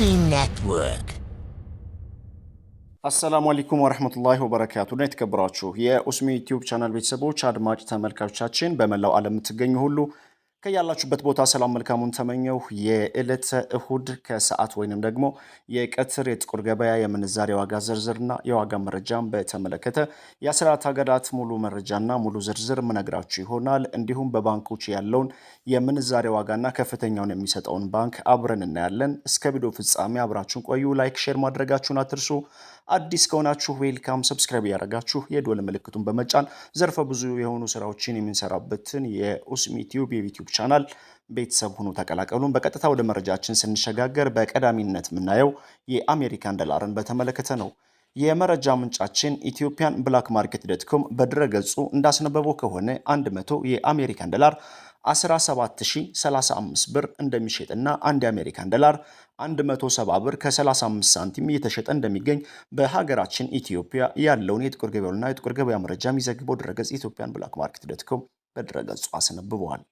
Network አሰላሙ አለይኩም ወረህመቱላሂ ወበረካቱ እና የተከበራችሁ የኡስሚ ዩቲዩብ ቻናል ቤተሰቦች አድማጭ ተመልካቾቻችን በመላው ዓለም የምትገኙ ሁሉ ከያላችሁበት ቦታ ሰላም መልካሙን ተመኘው። የዕለተ እሁድ ከሰዓት ወይንም ደግሞ የቀትር የጥቁር ገበያ የምንዛሬ ዋጋ ዝርዝርና የዋጋ መረጃን በተመለከተ የአስራት አራት ሀገራት ሙሉ መረጃና ሙሉ ዝርዝር ምነግራችሁ ይሆናል። እንዲሁም በባንኮች ያለውን የምንዛሬ ዋጋና ከፍተኛውን የሚሰጠውን ባንክ አብረን እናያለን። እስከ ቪዲዮ ፍጻሜ አብራችሁን ቆዩ። ላይክ፣ ሼር ማድረጋችሁን አትርሱ። አዲስ ከሆናችሁ ዌልካም፣ ሰብስክራይብ ያደረጋችሁ የዶል ምልክቱን በመጫን ዘርፈ ብዙ የሆኑ ስራዎችን የምንሰራበትን የኡስሚ ቲዩብ የዩቲዩብ ቻናል ቤተሰብ ሁኑ ተቀላቀሉን። በቀጥታ ወደ መረጃችን ስንሸጋገር በቀዳሚነት የምናየው የአሜሪካን ዶላርን በተመለከተ ነው። የመረጃ ምንጫችን ኢትዮጵያን ብላክ ማርኬት ዶት ኮም በድረ እንዳስነበበው ከሆነ 100 የአሜሪካን ዶላር 17035 ብር እንደሚሸጥና አንድ የአሜሪካን ዶላር 170 ብር ከ35 ሳንቲም እየተሸጠ እንደሚገኝ በሀገራችን ኢትዮጵያ ያለውን የጥቁር ገበያና የጥቁር ገበያ መረጃ የሚዘግበው ድረገጽ ኢትዮጵያን ብላክ ማርኬት ዶትኮም በድረገጹ አስነብበዋል።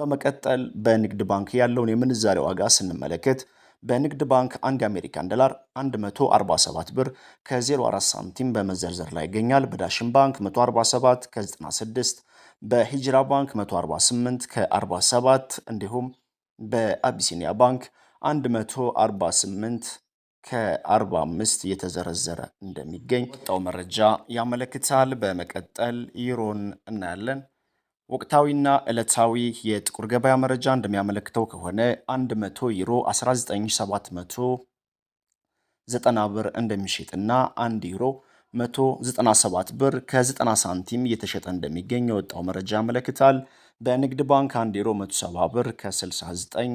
በመቀጠል በንግድ ባንክ ያለውን የምንዛሬ ዋጋ ስንመለከት በንግድ ባንክ አንድ የአሜሪካን ዶላር 147 ብር ከ04 ሳንቲም በመዘርዘር ላይ ይገኛል። በዳሽን ባንክ 147 ከ96 በሂጅራ ባንክ 148 ከ47 እንዲሁም በአቢሲኒያ ባንክ 148 ከ45 እየተዘረዘረ እንደሚገኝ ወጣው መረጃ ያመለክታል። በመቀጠል ዩሮን እናያለን። ወቅታዊና ዕለታዊ የጥቁር ገበያ መረጃ እንደሚያመለክተው ከሆነ 100 ዩሮ 19790 ብር እንደሚሸጥና 1 ዩሮ 197 ብር ከ90 ሳንቲም እየተሸጠ እንደሚገኝ የወጣው መረጃ ያመለክታል። በንግድ ባንክ 1 ዩሮ 170 ብር ከ69፣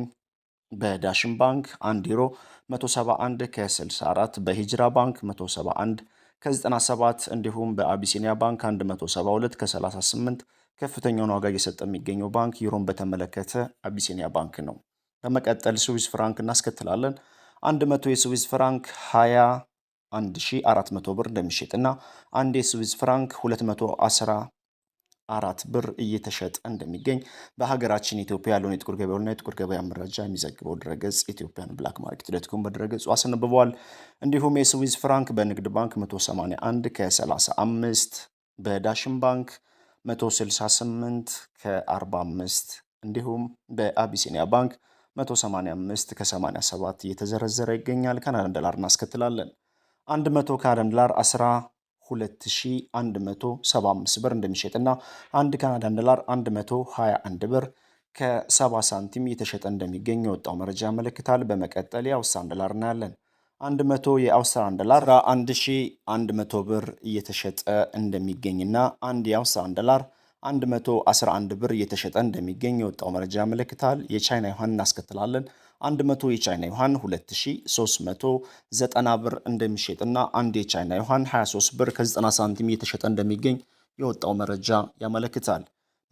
በዳሽን ባንክ 1 ዩሮ 171 ከ64፣ በሂጅራ ባንክ 171 ከ97 እንዲሁም በአቢሲኒያ ባንክ 172 ከ38 ከፍተኛውን ዋጋ እየሰጠ የሚገኘው ባንክ ዩሮን በተመለከተ አቢሲኒያ ባንክ ነው። በመቀጠል ስዊስ ፍራንክ እናስከትላለን። 100 የስዊስ ፍራንክ 20 1400 ብር እና አንድ የስዊዝ ፍራንክ 214 ብር እየተሸጠ እንደሚገኝ በሀገራችን ኢትዮጵያ ያለውን የጥቁር ገበያና የጥቁር ገበያ መረጃ የሚዘግበው ድረገጽ ኢትዮጵያን ብላክ ማርኬት ዶት በድረገጹ አስነብበዋል። እንዲሁም የስዊዝ ፍራንክ በንግድ ባንክ 181 ከ35 በዳሽን ባንክ 168 ከ45 እንዲሁም በአቢሲኒያ ባንክ 185 ከ87 እየተዘረዘረ ይገኛል። ካናዳን ዶላር እናስከትላለን። 100 ካናዳን ዶላር 12175 ብር እንደሚሸጥና አንድ ካናዳ ዶላር 121 ብር ከ70 ሳንቲም የተሸጠ እንደሚገኝ የወጣው መረጃ ያመለክታል። በመቀጠል የአውስትራሊያን ዶላር እናያለን። 100 የአውስትራሊያን ዶላር 1100 ብር እየተሸጠ እንደሚገኝና አንድ የአውስትራሊያን ዶላር 111 ብር እየተሸጠ እንደሚገኝ የወጣው መረጃ ያመለክታል። የቻይና ዩዋን እናስከትላለን። 100 የቻይና ዩሃን 2390 ብር እንደሚሸጥና አንድ የቻይና ዩሃን 23 ብር ከ90 ሳንቲም እየተሸጠ እንደሚገኝ የወጣው መረጃ ያመለክታል።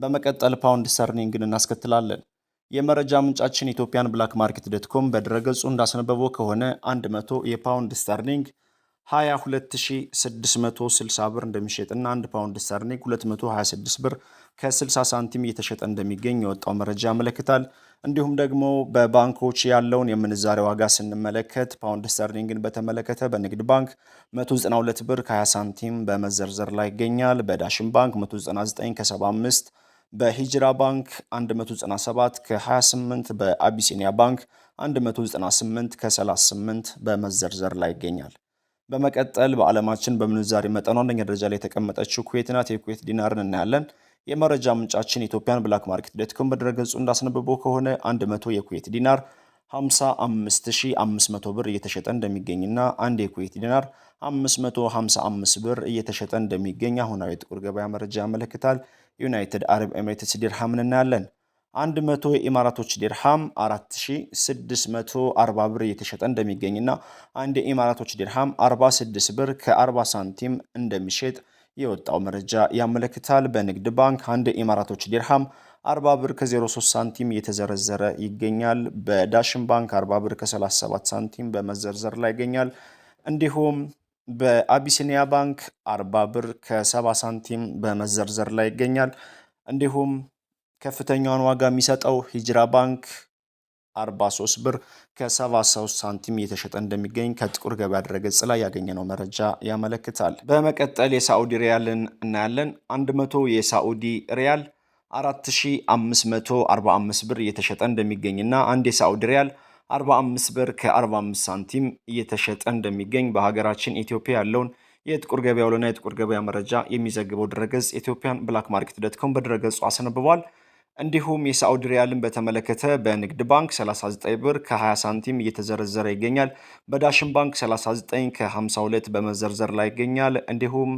በመቀጠል ፓውንድ ሰርኒንግን እናስከትላለን። የመረጃ ምንጫችን ኢትዮጵያን ብላክ ማርኬት ዶትኮም በድረገጹ እንዳስነበበው ከሆነ 100 የፓውንድ ስተርሊንግ 22660 ብር እንደሚሸጥና 1 ፓውንድ ስተርሊንግ 226 ብር ከ60 ሳንቲም እየተሸጠ እንደሚገኝ የወጣው መረጃ ያመለክታል። እንዲሁም ደግሞ በባንኮች ያለውን የምንዛሬ ዋጋ ስንመለከት ፓውንድ ስተርሊንግን በተመለከተ በንግድ ባንክ 192 ብር ከ20 ሳንቲም በመዘርዘር ላይ ይገኛል። በዳሽን ባንክ 199 ከ75 በሂጅራ ባንክ 197 ከ28 በአቢሲኒያ ባንክ 198 ከ38 በመዘርዘር ላይ ይገኛል። በመቀጠል በዓለማችን በምንዛሬ መጠኑ አንደኛ ደረጃ ላይ የተቀመጠችው ኩዌት ናት። የኩዌት ዲናርን እናያለን። የመረጃ ምንጫችን ኢትዮጵያን ብላክ ማርኬት ዶት ኮም በድረገጹ እንዳስነብበው ከሆነ 100 የኩዌት ዲናር 55500 ብር እየተሸጠ እንደሚገኝና አንድ የኩዌት ዲናር 555 ብር እየተሸጠ እንደሚገኝ አሁናዊ የጥቁር ገበያ መረጃ ያመለክታል። ዩናይትድ አረብ ኤሚሬትስ ዲርሃምን እናያለን። 100 የኢማራቶች ዲርሃም 4640 ብር እየተሸጠ እንደሚገኝና አንድ የኢማራቶች ዲርሃም 46 ብር ከ40 ሳንቲም እንደሚሸጥ የወጣው መረጃ ያመለክታል። በንግድ ባንክ አንድ ኢማራቶች ዲርሃም 40 ብር ከ03 ሳንቲም እየተዘረዘረ ይገኛል። በዳሽን ባንክ 40 ብር ከ37 ሳንቲም በመዘርዘር ላይ ይገኛል። እንዲሁም በአቢሲኒያ ባንክ 40 ብር ከ70 ሳንቲም በመዘርዘር ላይ ይገኛል። እንዲሁም ከፍተኛውን ዋጋ የሚሰጠው ሂጅራ ባንክ 43 ብር ከ73 ሳንቲም እየተሸጠ እንደሚገኝ ከጥቁር ገበያ ድረገጽ ላይ ያገኘነው መረጃ ያመለክታል። በመቀጠል የሳዑዲ ሪያልን እናያለን። 100 የሳዑዲ ሪያል 4545 ብር እየተሸጠ እንደሚገኝና አንድ የሳዑዲ ሪያል 45 ብር ከ45 ሳንቲም እየተሸጠ እንደሚገኝ በሀገራችን ኢትዮጵያ ያለውን የጥቁር ገበያ ውሎና የጥቁር ገበያ መረጃ የሚዘግበው ድረገጽ ኢትዮጵያን ብላክ ማርኬት ዶት ኮም በድረገጹ አስነብቧል። እንዲሁም የሳዑዲ ሪያልን በተመለከተ በንግድ ባንክ 39 ብር ከ20 ሳንቲም እየተዘረዘረ ይገኛል። በዳሽን ባንክ 39 ከ52 በመዘርዘር ላይ ይገኛል። እንዲሁም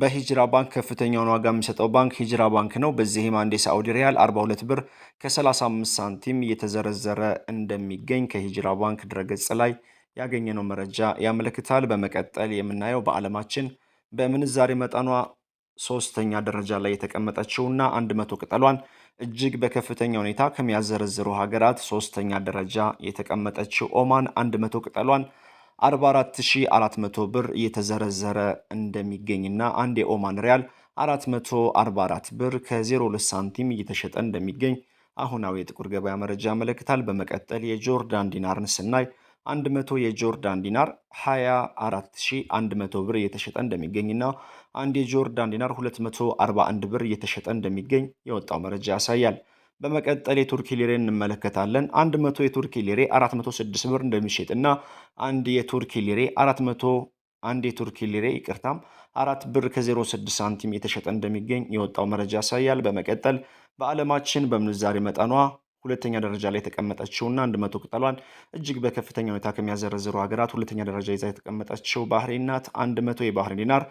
በሂጅራ ባንክ ከፍተኛውን ዋጋ የሚሰጠው ባንክ ሂጅራ ባንክ ነው። በዚህም አንድ የሳዑዲ ሪያል 42 ብር ከ35 ሳንቲም እየተዘረዘረ እንደሚገኝ ከሂጅራ ባንክ ድረገጽ ላይ ያገኘነው መረጃ ያመለክታል። በመቀጠል የምናየው በዓለማችን በምንዛሬ መጠኗ ሶስተኛ ደረጃ ላይ የተቀመጠችውና አንድ መቶ ቅጠሏን እጅግ በከፍተኛ ሁኔታ ከሚያዘረዝሩ ሀገራት ሶስተኛ ደረጃ የተቀመጠችው ኦማን አንድ መቶ ቅጠሏን 44400 ብር እየተዘረዘረ እንደሚገኝና አንድ የኦማን ሪያል 444 ብር ከ02 ሳንቲም እየተሸጠ እንደሚገኝ አሁናዊ የጥቁር ገበያ መረጃ ያመለክታል። በመቀጠል የጆርዳን ዲናርን ስናይ 100 የጆርዳን ዲናር 24100 ብር እየተሸጠ እንደሚገኝና አንድ የጆርዳን ዲናር 241 ብር እየተሸጠ እንደሚገኝ የወጣው መረጃ ያሳያል። በመቀጠል የቱርኪ ሊሬ እንመለከታለን። 100 የቱርኪ ሊሬ 406 ብር እንደሚሸጥና አንድ የቱርኪ ሊሬ 400 አንድ የቱርኪ ሊሬ ይቅርታም አራት ብር ከ06 ሳንቲም የተሸጠ እንደሚገኝ የወጣው መረጃ ያሳያል። በመቀጠል በዓለማችን በምንዛሬ መጠኗ ሁለተኛ ደረጃ ላይ የተቀመጠችውና አንድ መቶ ቅጠሏን እጅግ በከፍተኛ ሁኔታ ከሚያዘረዝሩ ሀገራት ሁለተኛ ደረጃ ይዛ የተቀመጠችው ባህሬን ናት። አንድ መቶ የባህሬን ዲናር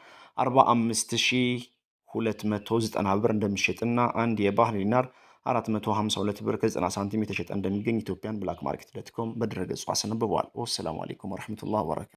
ዘጠና ብር እንደሚሸጥና አንድ የባህሬን ዲናር ሁለት ብር ከዘጠና ሳንቲም የተሸጠ እንደሚገኝ ኢትዮጵያን ብላክ ማርኬት ዶት ኮም በድረገጹ አስነብቧል። ወሰላሙ አሌይኩም ወረሕመቱላህ ወበረካቱ